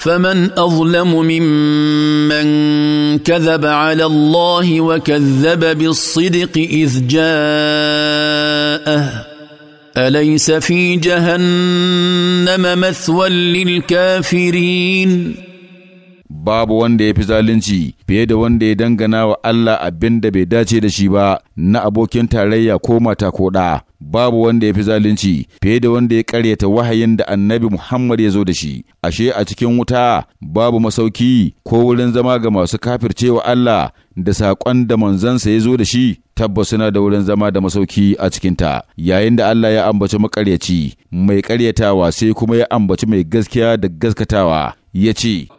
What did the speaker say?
فمن اظلم ممن كذب على الله وكذب بالصدق اذ جاءه اليس في جهنم مثوى للكافرين babu wanda ya fi zalunci fiye da wanda ya dangana wa Allah abin da bai dace da shi ba na abokin tarayya ko mata ko ɗa babu wanda ya fi zalunci fiye da wanda ya karyata wahayin da annabi Muhammad ya zo da shi, ashe a cikin wuta babu masauki ko wurin zama ga masu kafircewa Allah da saƙon da manzansa ya zo da shi tabbas suna da wurin zama da masauki a cikinta yayin da Allah ya ambaci makaryaci mai ƙaryatawa sai kuma ya ambaci mai gaskiya da gaskatawa ya ce